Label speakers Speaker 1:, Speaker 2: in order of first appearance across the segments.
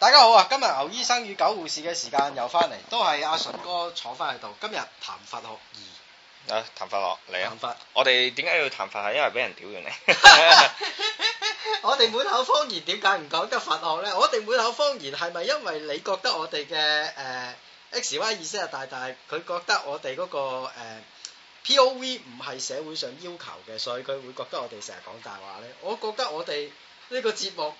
Speaker 1: 大家好啊！今日牛醫生與狗護士嘅時間又翻嚟，都係阿純哥坐翻喺度。今日談佛學二
Speaker 2: 啊，談佛學嚟啊！談佛，我哋點解要談佛？係因為俾人屌用呢。
Speaker 1: 我哋滿口方言，點解唔講得佛學呢，我哋滿口方言係咪因為你覺得我哋嘅 X Y 意思係大大？佢覺得我哋嗰、那個誒、呃、POV 唔係社會上要求嘅，所以佢會覺得我哋成日講大話呢。我覺得我哋呢個節目，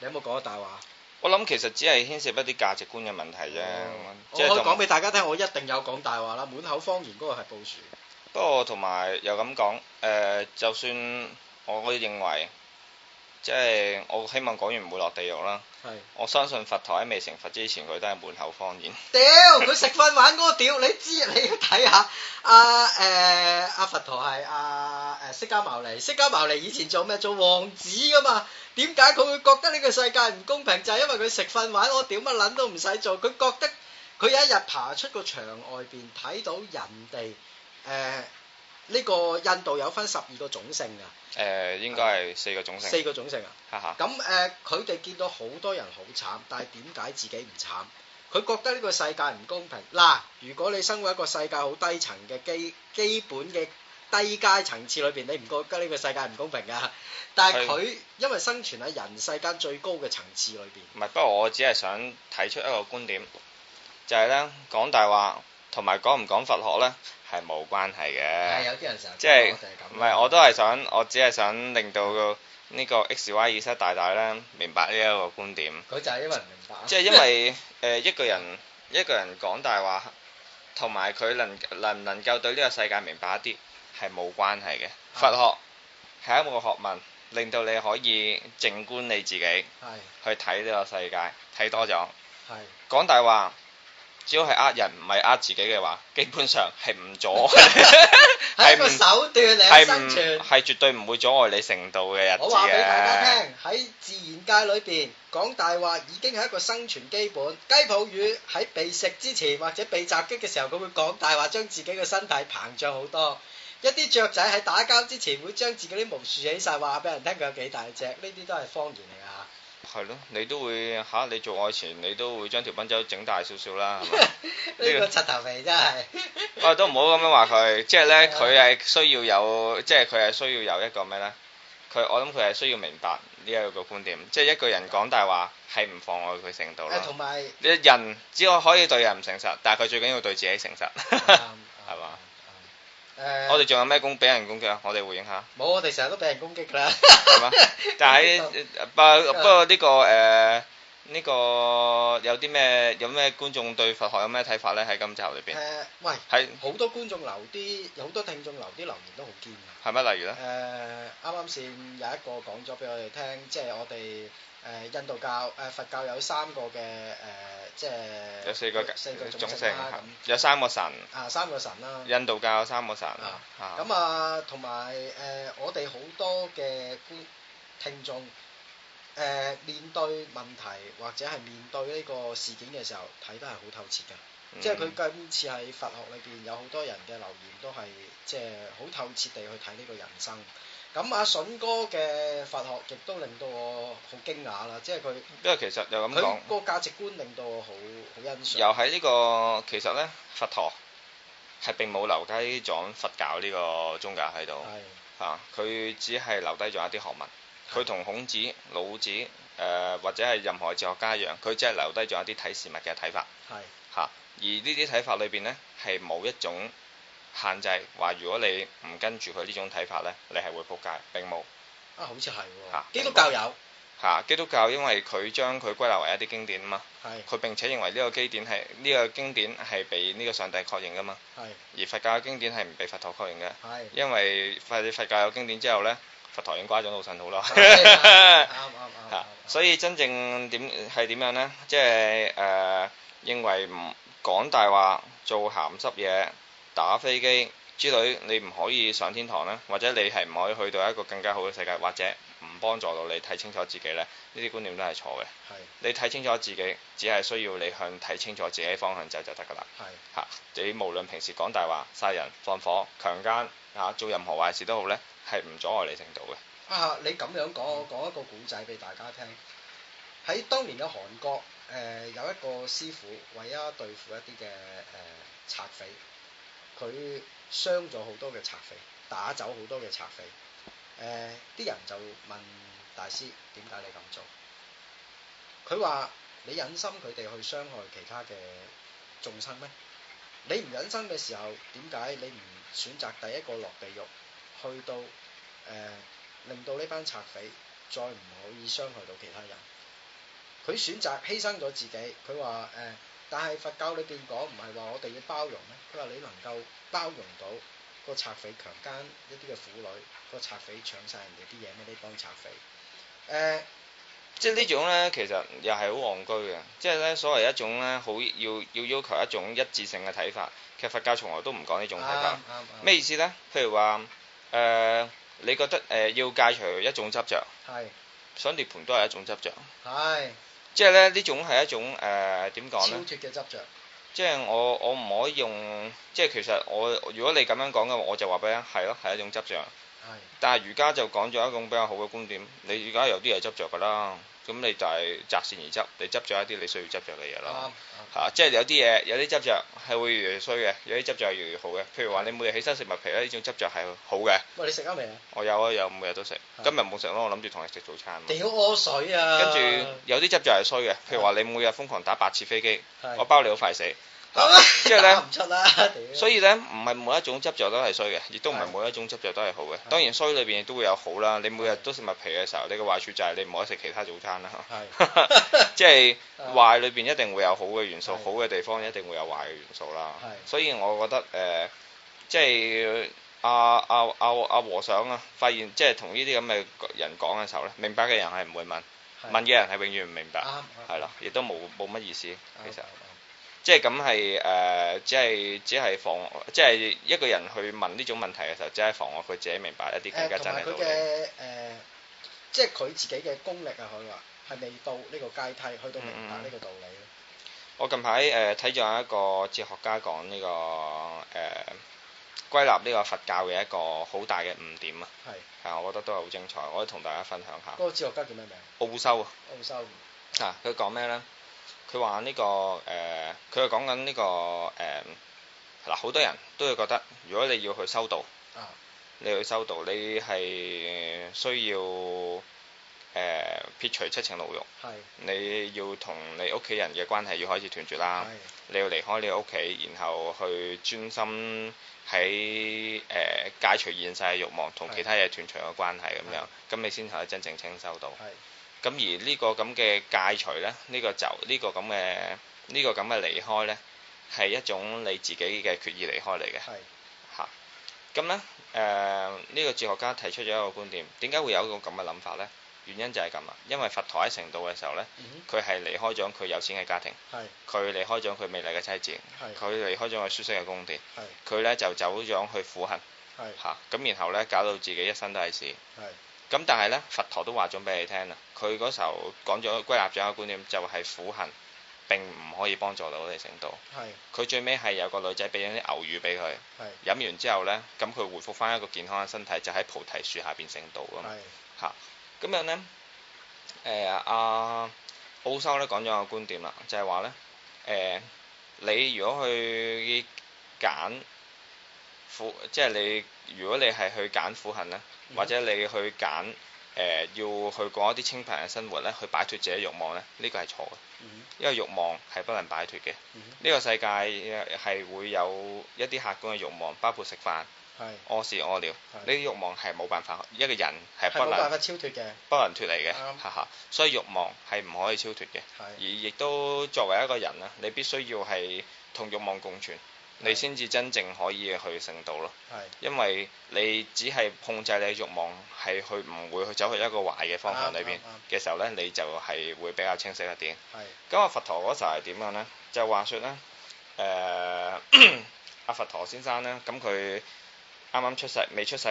Speaker 1: 你有冇講過大話？我
Speaker 2: 諗其實只係牽涉一啲價值觀嘅問題啫。嗯、我可以講俾
Speaker 1: 大家聽，我一定有講大話啦。滿口方言嗰個係報書。
Speaker 2: 不過同埋又咁講，誒、呃，就算我認為。即係我希望講完唔會落地獄啦。係是，我相信佛陀喺未成佛之前，佢都係滿口方言。
Speaker 1: 屌，佢食瞓玩嗰個屌，你知你要睇下阿誒阿佛陀係阿誒釋迦牟尼，釋迦牟尼以前做咩？做王子噶嘛？點解佢會覺得呢個世界唔公平？就係、是、因為佢食瞓玩，我屌乜撚都唔使做，佢覺得佢有一日爬出個牆外邊睇到人哋誒。呃呢個印度有分十二個種姓㗎。
Speaker 2: 誒、呃，應該係四個種姓啊。四個
Speaker 1: 種姓啊！嚇嚇哈。咁誒，佢、呃、哋見到好多人好慘，但係點解自己唔慘？佢覺得呢個世界唔公平。嗱，如果你生活一個世界好低層嘅基基本嘅低階層次裏邊，你唔覺得呢個世界唔公平㗎？
Speaker 2: 但係佢
Speaker 1: 他因為生存喺人世間最高嘅層次裏邊。唔係，不
Speaker 2: 過我只係想提出一個觀點，就係咧講大話同埋講唔講佛學咧。係冇關係嘅，即係唔係我都係想，我只係想令到呢個 X Y 意識大大咧明白呢一個觀點。
Speaker 1: 就係因為即
Speaker 2: 係因為、 呃、一個人一個人講大話，同埋佢能能唔能夠對呢個世界明白一啲係冇關係嘅。的佛學係一個學問，令到你可以靜觀你自己，的去睇呢個世界，睇多咗，講大話。只要係呃人唔係呃自己嘅話，基本上係唔阻，係 一個手段嚟生存，係絕對唔會阻礙你成道嘅日子。我話俾大家聽，
Speaker 1: 喺人自然界裏邊講大話已經係一個生存基本。雞泡魚喺被食之前或者被襲擊嘅時候，佢會講大話，將自己嘅身體膨脹好多。一啲雀仔喺打交之前會將自己啲毛豎起晒。話俾人聽佢有幾大隻。呢啲都係方言嚟啊！
Speaker 2: 係咯， 你都會吓、啊、你做愛前，你都會將條賓周整大少少啦，係嘛？
Speaker 1: 呢個柒頭皮真係，
Speaker 2: 我、 啊、都唔好咁樣話佢，即係呢，佢係 對需要有，即係佢係需要有一個咩呢？佢我諗佢係需要明白呢一個觀點，即係一個人講大話係唔妨礙佢誠度咯，同埋你人只可以可以對人唔誠實，但係佢最緊要對自己誠實，係嘛？Uh, 我哋仲有咩攻俾人攻擊啊？我哋回應下。
Speaker 1: 冇，我哋成日都俾人攻擊㗎啦。係 嘛？但、就、係、是、
Speaker 2: 不不過呢、 呢個誒呢、呃呢個有啲咩有咩觀眾對佛學有咩睇法咧？喺今集裏邊。誒、
Speaker 1: uh, 喂，係好是多觀眾留啲有好多聽眾留啲留言都好
Speaker 2: 堅嘅。係咪？例如咧？
Speaker 1: 誒啱啱先有一個講咗俾我哋聽，即、就、係、是、我哋。誒、呃、印度教誒、呃、佛教有三個嘅誒、呃，即係有四個四個種姓啦，
Speaker 2: 啊、有三個神、
Speaker 1: 啊、三個神啊，三個神啦。
Speaker 2: 印度教有三個神
Speaker 1: 啊，咁啊同埋誒我哋好多嘅觀聽眾誒、呃、面對問題或者係面對呢個事件嘅時候睇得係好透徹嘅，嗯、即係佢今次喺佛學裏邊有好多人嘅留言都係即係好透徹地去睇呢個人生。咁阿舜哥嘅佛學亦都令到我好驚訝啦，即係
Speaker 2: 佢，因為其實又咁講，佢個
Speaker 1: 價值觀令到我好好欣賞。又
Speaker 2: 喺呢、這個其實咧，佛陀係並冇留低咗佛教呢個宗教喺度，係嚇佢只係留低咗一啲學問。佢同孔子、老子誒、呃、或者係任何哲學家一樣，佢只係留低咗一啲睇事物嘅睇法，係嚇的、啊、而呢啲睇法裏邊咧係冇一種。限制話：如果你唔跟住佢呢種睇法呢，你係會扑街，並冇啊，
Speaker 1: 好似係、哦啊、基督教有
Speaker 2: 吓、啊，基督教因為佢將佢歸納為一啲經典啊嘛，佢是並且認為呢個，呢個經典係呢個經典係俾呢個上帝確認噶嘛，是而佛教嘅經典係唔俾佛陀確認嘅，是因為佛佛教有經典之後呢，佛陀已經瓜咗老神好啦，啱啱啱所以真正點係點樣呢？即係誒、呃，認為唔講大話，做鹹濕嘢。打飛機之類，你唔可以上天堂啦，或者你係唔可以去到一個更加好嘅世界，或者唔幫助到你睇清楚自己咧，呢啲觀念都係錯嘅。係是，你睇清楚自己，只係需要你向睇清楚自己方向走就得㗎啦。係是，嚇、啊、你無論平時講大話、殺人、放火、強姦嚇、啊、做任何壞事都好呢，係唔阻礙你成道
Speaker 1: 嘅。啊，你咁樣講我講、嗯、一個故仔俾大家聽。喺當年嘅韓國、呃，有一個師傅為咗對付一啲嘅誒賊匪。佢傷咗好多嘅賊匪，打走好多嘅賊匪。誒、呃，啲人就問大師：點解你咁做？佢話：你忍心佢哋去傷害其他嘅眾生咩？你唔忍心嘅時候，點解你唔選擇第一個落地獄？去到誒、呃，令到呢班賊匪再唔可以傷害到其他人。佢選擇犧牲咗自己。佢話誒。呃但係佛教裏邊講唔係話我哋要包容咧，佢話你能夠包容到個賊匪強姦一啲嘅婦女，個賊匪搶晒人哋啲嘢咩？呢幫賊匪，誒、
Speaker 2: 呃，即係呢種咧，其實又係好戇居嘅，即係咧所謂一種咧好要要要求一種一致性嘅睇法，其實佛教從來都唔講呢種睇法。咩、嗯嗯嗯、意思咧？譬如話誒、呃，你覺得誒、呃、要戒除一種執着？係是想涅盤都係一種執着？
Speaker 1: 係是。
Speaker 2: 即係咧，呢種係一種誒、點講咧？超脫嘅、呃、執著。即係我我唔可以用，即係其實我如果你咁樣講嘅話，我就話俾你係咯，係一種執着。
Speaker 1: 係
Speaker 2: 的。但係瑜伽就講咗一種比較好嘅觀點，你而家有啲係執着㗎啦。咁你就係擇善而執，你執咗一啲你需要執着嘅嘢啦。嚇、嗯嗯啊，即係有啲嘢，有啲執着係會越嚟越衰嘅，有啲執着係越嚟越好嘅。譬如話你每日起身食麥皮，呢種執着係好嘅。喂，你食咗未啊？我有啊，有每日都食。今日冇食咯，我諗住同你食早餐。屌
Speaker 1: 屙水啊！跟住
Speaker 2: 有啲執着係衰嘅，譬如話你每日瘋狂打八次飛機，的我包你好快死。咁咧，即係咧，
Speaker 1: 所以咧，
Speaker 2: 唔係每一種執着都係衰嘅，亦都唔係每一種執着都係好嘅。的當然衰裏邊亦都會有好啦。你每日都食麥皮嘅時候，你嘅壞處就係你唔可以食其他早餐啦。即係壞裏邊一定會有好嘅元素，的好嘅地方一定會有壞嘅元素啦。的所以我覺得誒，即係阿阿阿和尚啊，發現即係同呢啲咁嘅人講嘅時候咧，明白嘅人係唔會問，的問嘅人係永遠唔明白，係啦，亦都冇冇乜意思。其實。即係咁係誒，即係只係防，即係一個人去問呢種問題嘅時候，只係妨礙佢自己明白一啲更加真嘅道理。佢嘅即
Speaker 1: 係佢自己嘅功力啊，佢話係未到呢個階梯，去
Speaker 2: 到明白呢個道理，嗯。我近排誒睇咗一個哲學家講呢、呢個誒、呃、歸納呢個佛教嘅一個好大嘅誤點啊，係是，係我覺得都係好精彩，我都同大家分享下。嗰個哲學家叫咩
Speaker 1: 名？奧修
Speaker 2: 洲洲啊。奧修。啊！佢講咩咧？佢話呢個誒，佢係講緊呢個誒，嗱、呃、好多人都會覺得，如果你要去修道、
Speaker 1: 啊、道，
Speaker 2: 你去修道，你係需要誒、呃、撇除七情六慾，是 你要同你屋企人嘅關係要開始斷絕啦，是 你要離開你屋企，然後去專心喺誒、呃、解除現世嘅慾望，同其他嘢斷絕嘅關係咁是 是 樣，咁你先可以真正清修道。是的 的咁而呢個咁嘅戒除呢，呢、呢個就呢、呢個咁嘅呢個咁嘅離開呢，係一種你自己嘅決意離開嚟嘅。係是。嚇、啊！咁咧誒，呢、呃呢個哲學家提出咗一個觀點，點解會有一個咁嘅諗法呢？原因就係咁啊，因為佛陀喺成道嘅時候呢，佢係離開咗佢有錢嘅家庭，佢是離開咗佢美麗嘅妻子，佢是離開咗佢舒適嘅宮殿，佢是呢就走咗去苦行，係是。咁、啊、然後呢，搞到自己一生都係事，咁但係咧，佛陀都話咗俾你聽啦，佢嗰時候講咗歸納咗一個觀點，就係、是、苦行並唔可以幫助到你成道。係是，佢最尾係有個女仔俾咗啲牛乳俾佢，係飲是完之後咧，咁佢回復翻一個健康嘅身體，就喺菩提樹下邊成道是樣呢、呃、啊嘛。係，咁樣咧，誒阿奧修咧講咗個觀點啦，就係話咧，誒、呃、你如果去揀苦，即係你如果你係去揀苦行咧。或者你去揀誒、呃，要去過一啲清貧嘅生活咧，去擺脱自己欲望咧，呢、呢個係錯嘅，嗯、因為欲望係不能擺脱嘅，呢、嗯、個世界係會有一啲客觀嘅欲望，包括食飯、屙屎是、屙尿餓，呢啲欲望係冇辦法，一個人係不能
Speaker 1: 超脱嘅，
Speaker 2: 不能脱離嘅，哈哈對， 所以欲望係唔可以超脱嘅，對而亦都作為一個人啦，你必須要係同欲望共存。你先至真正可以去成道咯，係，因為你只係控制你嘅慾望，係去唔會去走去一個壞嘅方向裏邊嘅時候咧，你就係會比較清晰一點。係，咁阿佛陀嗰時候係點樣咧？就話説咧，誒阿佛陀先生咧，咁佢啱啱出世未出世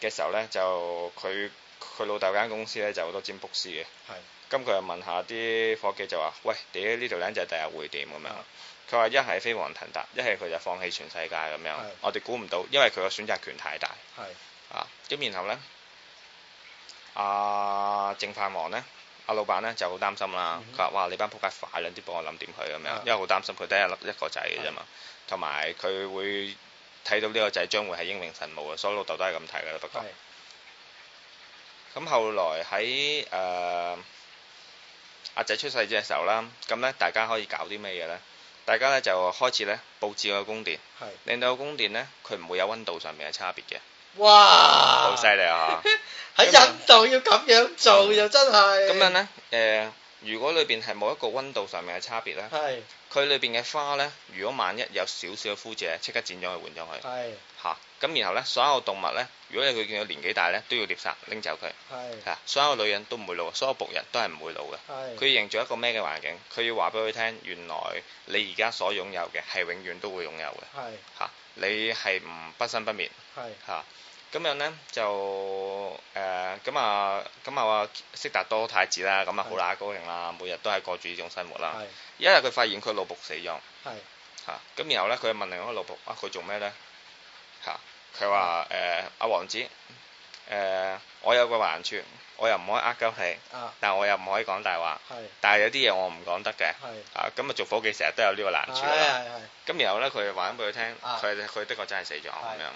Speaker 2: 嘅時候咧，就佢佢老豆間公司咧就好多占卜師嘅，係，咁佢又問下啲夥計就話，喂，點解呢條靚仔第日會點咁樣？佢話：一係飛黃騰達，一係佢就放棄全世界咁樣。對 我哋估唔到，因為佢個選擇權太大。係咁對、啊、然後呢，阿淨飯王呢，阿老闆呢就好擔心啦。佢話：哇，你班仆街快兩啲，幫我諗點佢咁樣，對 因為好擔心佢得一粒一個仔嘅啫嘛，同埋佢會睇到呢個仔將會係英明神武啊，所以老豆都係咁睇噶啦，不過咁是 後來喺誒阿仔出世嘅時候啦，咁呢大家可以搞啲咩嘢呢？大家咧就開始咧布置個宮殿，是令到個宮殿咧佢唔會有溫度上面嘅差別嘅。
Speaker 1: 哇！好犀利啊！吓，喺印度要咁樣做又真係咁樣咧，
Speaker 2: 誒。嗯如果裏邊係冇一個溫度上面嘅差別呢，係佢是裏邊嘅花呢，如果萬一有少少嘅枯枝，即刻剪咗去換咗去，係吓是，咁、啊、然後呢，所有動物呢，如果佢見到年紀大呢，都要獵殺拎走佢，係吓是，所有女人都唔會老，所有僕人都係唔會老嘅，係佢營造一個咩嘅環境，佢要話俾佢聽，原來你而家所擁有嘅係永遠都會擁有嘅，係吓是、啊，你係唔不，不生不滅，係吓是。啊咁樣呢，就誒咁啊咁啊，話悉達多太子啦，咁啊好乸高興啦，每日都係過住呢種生活啦。而一日佢發現佢老僕死咗。係。嚇！咁然後呢，佢問另一個老僕：「佢做咩呢？」嚇！佢話誒阿王子誒，我有個難處，我又唔可以呃鳩氣，但係我又唔可以講大話，但係有啲嘢我唔講得嘅。係。嚇！咁啊，做伙記成日都有呢個難處啦。咁然後呢，佢話咁俾佢聽，佢佢的確真係死咗咁樣。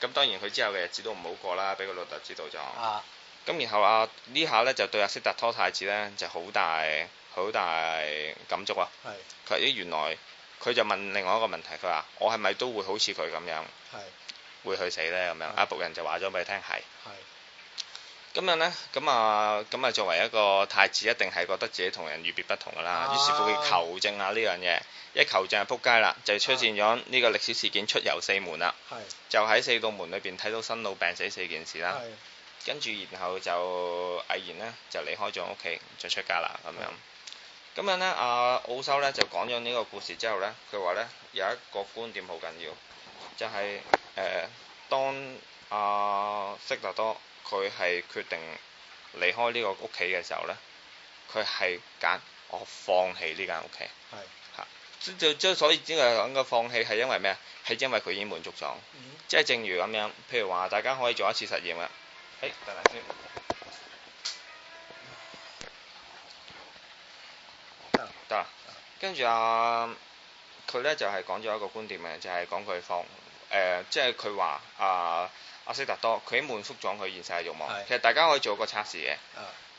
Speaker 2: 咁當然佢之後嘅日子都唔好過啦，俾個老豆知道咗。咁、啊、然後啊，呢下呢就對阿悉達多太子呢就好大好大感觸啊。佢咦，是原來佢就問另外一個問題，佢話我係咪都會好似佢咁樣，是會去死呢？」咁樣？是阿僕人就話咗俾佢聽係。咁樣呢，咁啊，咁啊，作為一個太子，一定係覺得自己同人與別不同噶啦，啊、於是乎佢求證下、啊、呢樣嘢，一求證係撲街啦，就出現咗呢個歷史事件出遊四門啦，啊、就喺四道門裏邊睇到生老病死四件事啦，啊、跟住然後就毅然呢，就離開咗屋企，就出家啦咁樣。咁樣呢，阿奧修呢，就講咗呢個故事之後呢，佢話呢，有一個觀點好緊要，就係、是、誒、呃、當阿色達多。佢係決定離開呢個屋企嘅時候呢，佢係揀我放棄呢間屋企。係嚇是，即、啊、所以，只係講嘅放棄係因為咩？係因為佢已經滿足咗。嗯、即係正如咁樣，譬如話大家可以做一次實驗啦。誒、哎，等等先。得啦。跟住啊，佢呢就係、是、講咗一個觀點嘅，就係、是、講佢放誒、呃，即係佢話啊。阿斯達多，佢滿足咗佢現實嘅慾望。其實大家可以做個測試嘅，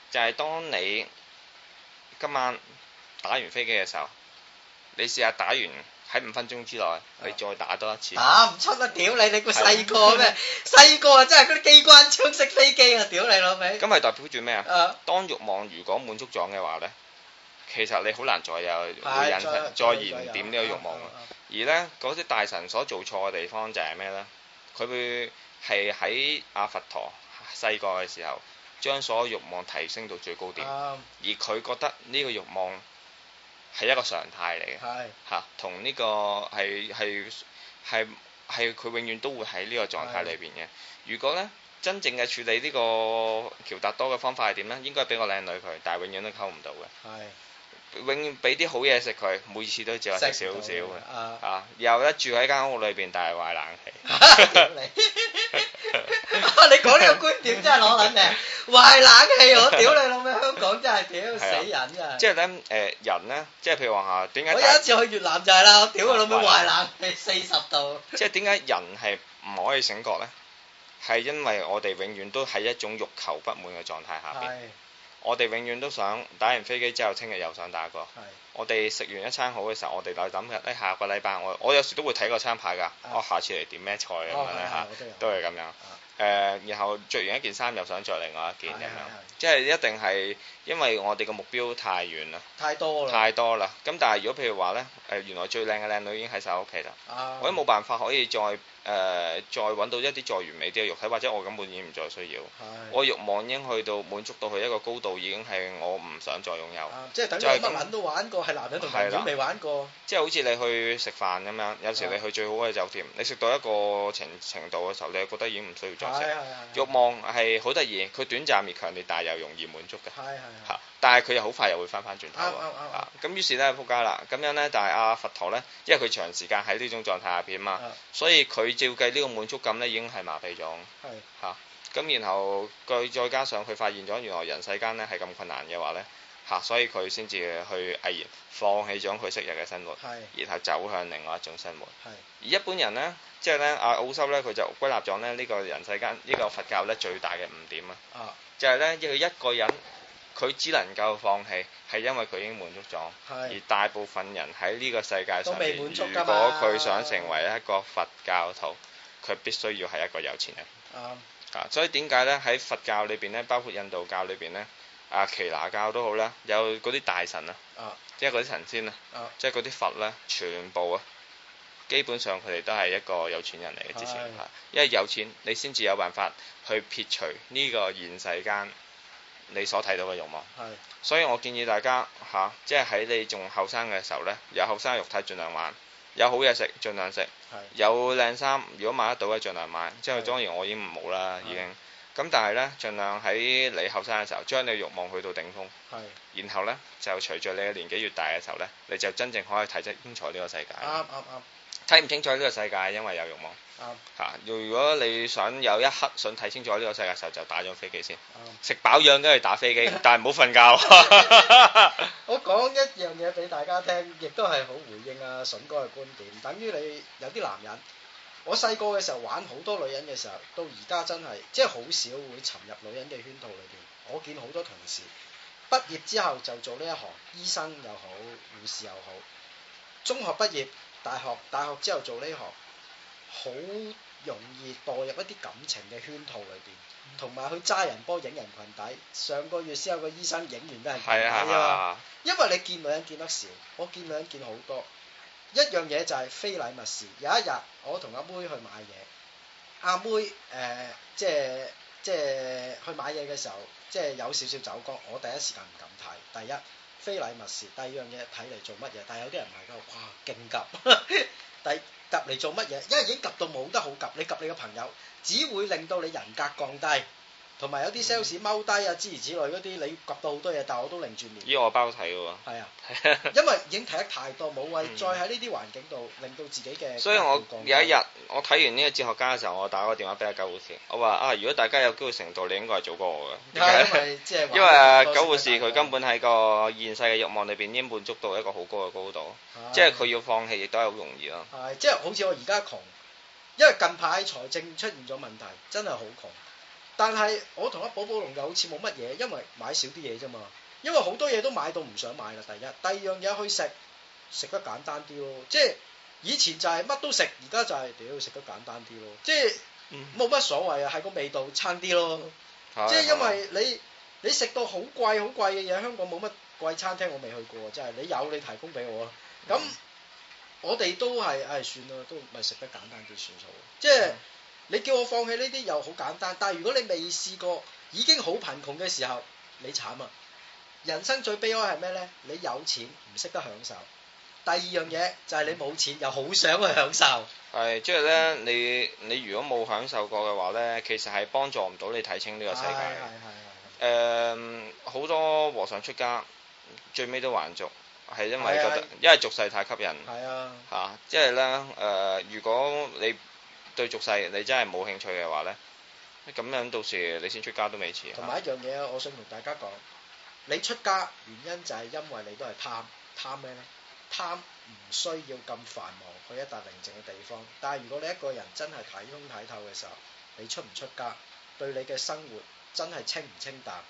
Speaker 2: 就係當你今晚打完飛機嘅時候，你試下打完喺五分鐘之內，你再打多一次。打唔出個屌！你，你個細
Speaker 1: 個咩？細個啊，真係嗰啲機關槍式飛機啊！屌
Speaker 2: 你老味。咁係代表住咩啊？當慾望如果滿足咗嘅話咧，其實你好難再有會引出再燃點呢個慾望。而咧嗰啲大神所做錯嘅地方就係咩咧？佢會。係喺阿佛陀細個嘅時候，將所有欲望提升到最高點，啊、而佢覺得呢個欲望係一個常態嚟嘅，吓，同呢個係係係係佢永遠都會喺呢個狀態裏邊嘅。是如果呢，真正嘅處理呢個喬達多嘅方法係點呢？應該俾個靚女佢，但係永遠都溝唔到嘅。
Speaker 1: 係
Speaker 2: 是永遠俾啲好嘢食佢，每次都只係食少少嘅，啊，啊又一住喺間屋裏邊，但係壞冷氣。
Speaker 1: 你講呢個觀點真係攞撚嘅，壞冷氣我屌你老味！香港真
Speaker 2: 係屌死人啊！即係咧誒人咧，即係譬如話下點解？我有一次
Speaker 1: 去越南就係啦，屌佢老味壞冷氣四十度。
Speaker 2: 即係點解人係唔可以醒覺咧？係因為我哋永遠都喺一種慾求不滿嘅狀態下邊。我哋永遠都想打完飛機之後，聽日又想打過。我哋食完一餐好嘅時候，我哋就諗緊誒下個禮拜，我我有時都會睇個餐牌㗎，我下次嚟點咩菜咁樣咧嚇，都係咁樣。誒、呃，然後着完一件衫又想着另外一件咁是的 樣，是的 即係一定係因為我哋嘅目標太遠啦，太多啦，太多啦。咁但係如果譬如話咧。誒原來最靚嘅靚女已經喺晒屋企啦，啊、我都冇辦法可以再誒、呃、再揾到一啲再完美啲嘅肉體，或者我根本已經唔再需要，的我欲望已經去到滿足到佢一個高度，已經係我唔想再擁有。啊、即係等於女人
Speaker 1: 都玩過，係男人度唔知未玩過。
Speaker 2: 即係好似你去食飯咁樣，有時你去最好嘅酒店，的你食到一個程程度嘅時候，你係覺得已經唔需要再食。欲望係好得意，佢的短暫而強烈，但又容易滿足嘅。係係係。的但係佢又好快又會翻返轉頭啊！咁、啊啊啊啊、於是咧仆街啦，咁樣咧，但係阿佛陀咧，因為佢長時間喺呢種狀態下邊嘛，啊、所以佢照計呢個滿足感咧已經係麻痹咗。係
Speaker 1: 嚇
Speaker 2: 是，咁、啊、然後佢再加上佢發現咗原來人世間咧係咁困難嘅話咧嚇、啊，所以佢先至去毅然放棄咗佢昔日嘅生活，是然後走向另外一種生活。係是而一般人咧，即係咧阿奧修咧，佢就歸納咗咧呢個人世間呢、這個佛教咧最大嘅誤點啊，就係咧要佢一個人。佢只能夠放棄，係因為佢已經滿足咗。是而大部分人喺呢個世界上面，如果佢想成為一個佛教徒，佢必須要係一個有錢人。啊啊，所以點解呢？喺佛教裏邊咧，包括印度教裏邊咧，啊耆那教都好啦，有嗰啲大神啊，啊即係嗰啲神仙啊，啊即係嗰啲佛咧，全部啊，基本上佢哋都係一個有錢人嚟嘅之前啊，是因為有錢你先至有辦法去撇除呢個現世間。你所睇到嘅欲望，係是，所以我建議大家嚇、啊，即係喺你仲後生嘅時候呢，有後生肉體，儘量玩；有好嘢食，儘量食；有靚衫，如果買得到嘅儘量買。即係當然我已經冇啦，是已經。咁、嗯、但係呢，儘量喺你後生嘅時候，將你嘅欲望去到頂峰。是然後呢，就隨著你嘅年紀越大嘅時候呢，你就真正可以睇清清楚呢個世界。啱啱啱。睇、啊、唔、啊、清楚呢個世界，因為有欲望。啱，嗯、如果你想有一刻想睇清楚呢個世界嘅時候，就打咗飛機先，食、嗯、飽養跟住打飛機， 但係唔好瞓覺。
Speaker 1: 我講一樣嘢俾大家聽，亦都係好回應阿、啊、筍哥嘅觀點。等於你有啲男人，我細個嘅時候玩好多女人嘅時候，到而家真係即係好少會沉入女人嘅圈套裏邊。我見好多同事畢業之後就做呢一行，醫生又好，護士又好。中學畢業，大學，大學，大學，大學之後做呢行。好容易墮入一啲感情嘅圈套裏邊，同埋去揸人波影人群底。上個月先有個醫生影完都啲人羣底，因為你見女人見得少，我見女人見好多。一樣嘢就係非禮勿視，有一日我同阿妹、妹去買嘢，阿妹誒、呃、即係即係去買嘢嘅時候，即係有少少走光，我第一時間唔敢睇。第一，非禮勿視；第二樣嘢睇嚟做乜嘢？但係有啲人唔喺度哇，勁急。第 入嚟做乜嘢？因為已經 𥄫 到冇得好 𥄫，你 𥄫 你嘅朋友，只會令到你人格降低。同埋有啲 sales 踎低啊，諸如此類嗰啲，你及到好多嘢，但我都擰住面。
Speaker 2: 依我包睇嘅喎。係啊。
Speaker 1: 啊 因為已經睇得太多，冇謂再喺呢啲環境度令到自己嘅。所以我有一
Speaker 2: 日我睇完呢個哲學家嘅時候，我打個電話俾阿狗護士，我話啊，如果大家有機會成道，你應該係早過我嘅、啊。
Speaker 1: 因為狗護為、啊、
Speaker 2: 士佢根本喺個現世嘅欲望裏邊已經滿足到一個好高嘅高度，啊、即係佢要放棄亦都係好容易
Speaker 1: 咯、啊。係、啊，即係好似我而家窮，因為近排財政出現咗問題，真係好窮。但係我同阿寶寶龍又好似冇乜嘢，因為買少啲嘢啫嘛。因為好多嘢都買到唔想買啦。第一，第二樣嘢去食，食得簡單啲咯。即係以前就係乜都食，而家就係屌食得簡單啲咯。即係冇乜所謂啊，係個、嗯、味道差啲咯。即係的因為你，你食到好貴好貴嘅嘢，香港冇乜貴餐廳我未去過，真係你有你提供俾我啦。咁、嗯、我哋都係係、哎、算啦，都唔係食得簡單啲算數。即係。嗯你叫我放棄呢啲又好簡單，但係如果你未試過，已經好貧窮嘅時候，你慘啊！人生最悲哀係咩呢？你有錢唔識得享受，第二樣嘢就係、是、你冇錢、嗯、又好想去享
Speaker 2: 受。係即係呢，你你如果冇享受過嘅話呢，其實係幫助唔到你睇清呢個世界誒，好、哎哎哎哎呃、多和尚出家，最尾都還俗，係因為覺得、哎、呀因為俗世太吸引。係、哎、呀啊。吓，即係呢，誒、呃，如果你。對俗世你真係冇興趣嘅話咧，咁樣到時你先出家都未遲。同埋一
Speaker 1: 樣嘢，我想同大家講，你出家原因就係因為你都係貪。貪咩咧？貪唔需要咁繁忙去一笪寧靜嘅地方。但係如果你一個人真係睇通睇透嘅時候，你出唔出家對你嘅生活真係清唔清淡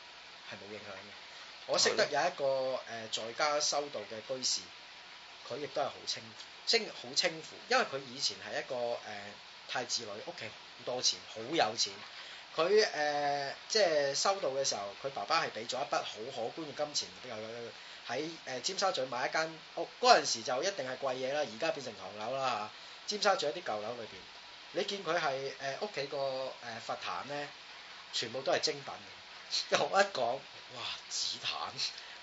Speaker 1: 係冇影響嘅。我識得有一個誒是的、呃、在家修道嘅居士，佢亦都係好清清好清苦，因為佢以前係一個誒。呃太子女屋企好多錢，好有錢。佢誒、呃、即係收到嘅時候，佢爸爸係俾咗一筆好可觀嘅金錢俾佢，喺誒、呃、尖沙咀買一間屋。嗰、哦、陣時就一定係貴嘢啦，而家變成唐樓啦嚇、啊。尖沙咀一啲舊樓裏邊，你見佢係誒屋企個誒佛壇咧，全部都係精品。一講哇紫檀，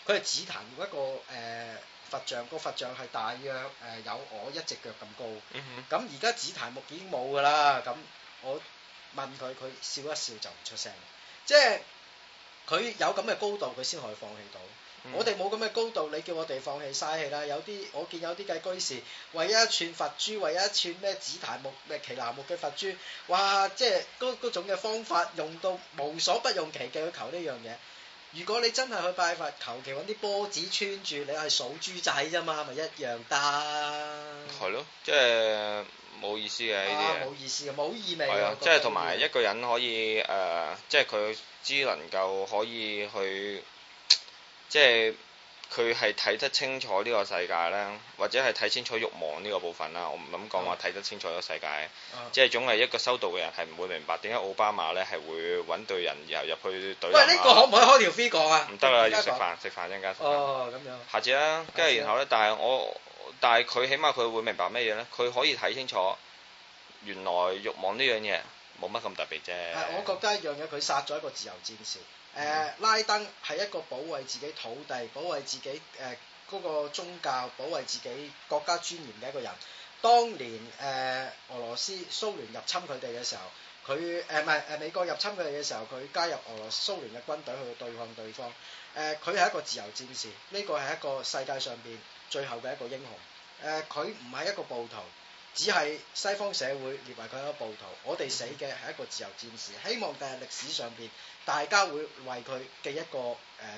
Speaker 1: 佢係紫檀一個誒。佛像個佛像係大約誒、呃、有我一隻腳咁高，咁而家紫檀木已經冇㗎啦。咁我問佢，佢笑一笑就唔出聲。即係佢有咁嘅高度，佢先可以放棄到。Mm hmm. 我哋冇咁嘅高度，你叫我哋放棄嘥氣啦。有啲我見有啲計居士為一串佛珠，為一串咩紫檀木、咩奇楠木嘅佛珠，哇！即係嗰種嘅方法用到無所不用其極去求呢樣嘢。如果你真係去拜佛，求其揾啲波子穿住，你係數豬仔啫嘛，咪一樣得、啊。係
Speaker 2: 咯，即係冇意思嘅呢啲嘢，冇
Speaker 1: 意思，冇意味。係啊了，這樣 即係同埋一
Speaker 2: 個人可以誒、呃，即係佢只能夠可以去，即係。佢係睇得清楚呢個世界啦，或者係睇清楚欲望呢個部分啦。我唔敢講話睇得清楚個世界，嗯、即係總係一個修道嘅人係唔會明白點解奧巴馬呢係會揾對人然後入去懟。喂，呢、這個可唔可以開條飛
Speaker 1: 過啊？唔得啊，要食飯，
Speaker 2: 食飯陣間。哦，咁
Speaker 1: 樣。
Speaker 2: 下次啦、啊。跟住然後呢，但係我但係佢起碼佢會明白咩嘢咧？佢可以睇清楚原來欲望呢樣嘢。冇乜咁特別啫。係、就是啊，我
Speaker 1: 覺得一樣嘢，佢殺咗一個自由戰士。誒、呃，嗯、拉登係一個保衞自己土地、保衞自己誒嗰、呃那個宗教、保衞自己國家尊嚴嘅一個人。當年誒、呃、俄羅斯蘇聯入侵佢哋嘅時候，佢誒唔係誒美國入侵佢哋嘅時候，佢加入俄羅斯蘇聯嘅軍隊去對抗對方。誒、呃，佢係一個自由戰士，呢個係一個世界上邊最後嘅一個英雄。誒、呃，佢唔係一個暴徒。只係西方社會列為佢一個暴徒，我哋死嘅係一個自由戰士，希望第日歷史上邊大家會為佢嘅一個誒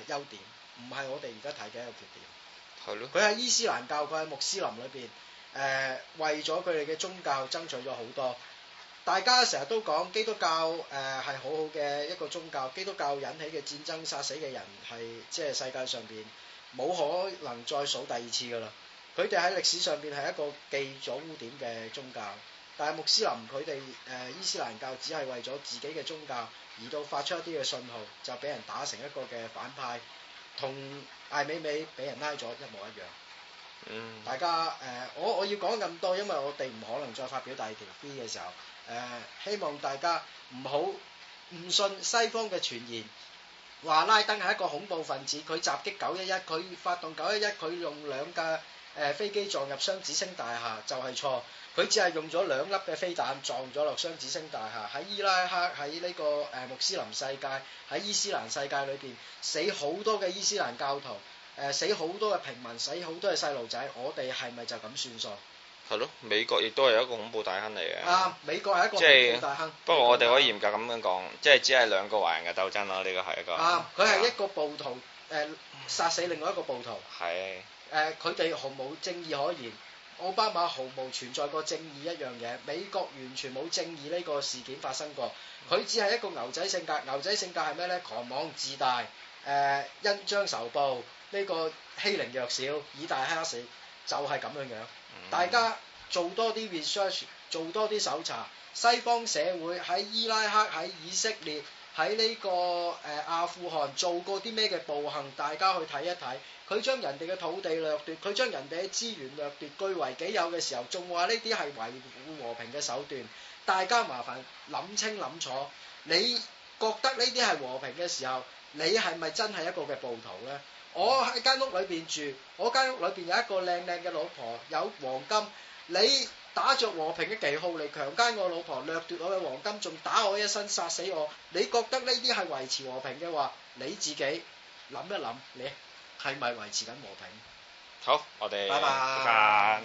Speaker 1: 優點，唔係我哋而家睇嘅一個缺點。係咯的，佢喺伊斯蘭教，佢喺穆斯林裏邊誒，為咗佢哋嘅宗教爭取咗好多。大家成日都講基督教誒係、呃、好好嘅一個宗教，基督教引起嘅戰爭、殺死嘅人係即係世界上邊冇可能再數第二次㗎啦。佢哋喺歷史上邊係一個記咗污點嘅宗教，但係穆斯林佢哋誒伊斯蘭教只係為咗自己嘅宗教而到發出一啲嘅信號，就俾人打成一個嘅反派，同艾未未俾人拉咗一模一樣。嗯，大家誒、呃，我我要講咁多，因為我哋唔可能再發表大條 B 嘅時候，誒、呃，希望大家唔好唔信西方嘅傳言，話拉登係一個恐怖分子，佢襲擊九一一，佢發動九一一，佢用兩架。誒飛機撞入雙子星大廈就係、是、錯，佢只係用咗兩粒嘅飛彈撞咗落雙子星大廈，喺伊拉克，喺呢、這個誒、呃、穆斯林世界，喺伊斯蘭世界裏邊死好多嘅伊斯蘭教徒，誒、呃、死好多嘅平民，死好多嘅細路仔，我哋係咪就咁算數？
Speaker 2: 係咯，美國亦都係一個恐怖大亨嚟嘅。啊，美國
Speaker 1: 係一個恐怖大亨。是不過我
Speaker 2: 哋可以嚴格咁樣講，即係只係兩個壞人嘅鬥爭啦，呢、這個係一個。啊，佢係一
Speaker 1: 個暴徒誒的、呃，殺死另外一個暴徒。係的。誒佢哋毫無正義可言，奧巴馬毫無存在過正義一樣嘢，美國完全冇正義呢個事件發生過，佢只係一個牛仔性格，牛仔性格係咩咧？狂妄自大，誒恩將仇報，呢、這個欺凌弱小，以大蝦細，就係、是、咁樣樣。大家做多啲 research，做多啲搜查，西方社會喺伊拉克喺以色列。喺呢個誒阿富汗做過啲咩嘅暴行，大家去睇一睇。佢將人哋嘅土地掠奪，佢將人哋嘅資源掠奪，據為己有嘅時候，仲話呢啲係維護和平嘅手段。大家麻煩諗清諗楚，你覺得呢啲係和平嘅時候，你係咪真係一個嘅暴徒呢？我喺間屋裏邊住，我間屋裏邊有一個靚靚嘅老婆，有黃金，你，打着和平嘅旗號嚟強奸我老婆、掠奪我嘅黃金，仲打我一身、殺死我，你覺得呢啲係維持和平嘅話，你自己諗一諗，你係咪維持緊和平？
Speaker 2: 好，我哋拜拜。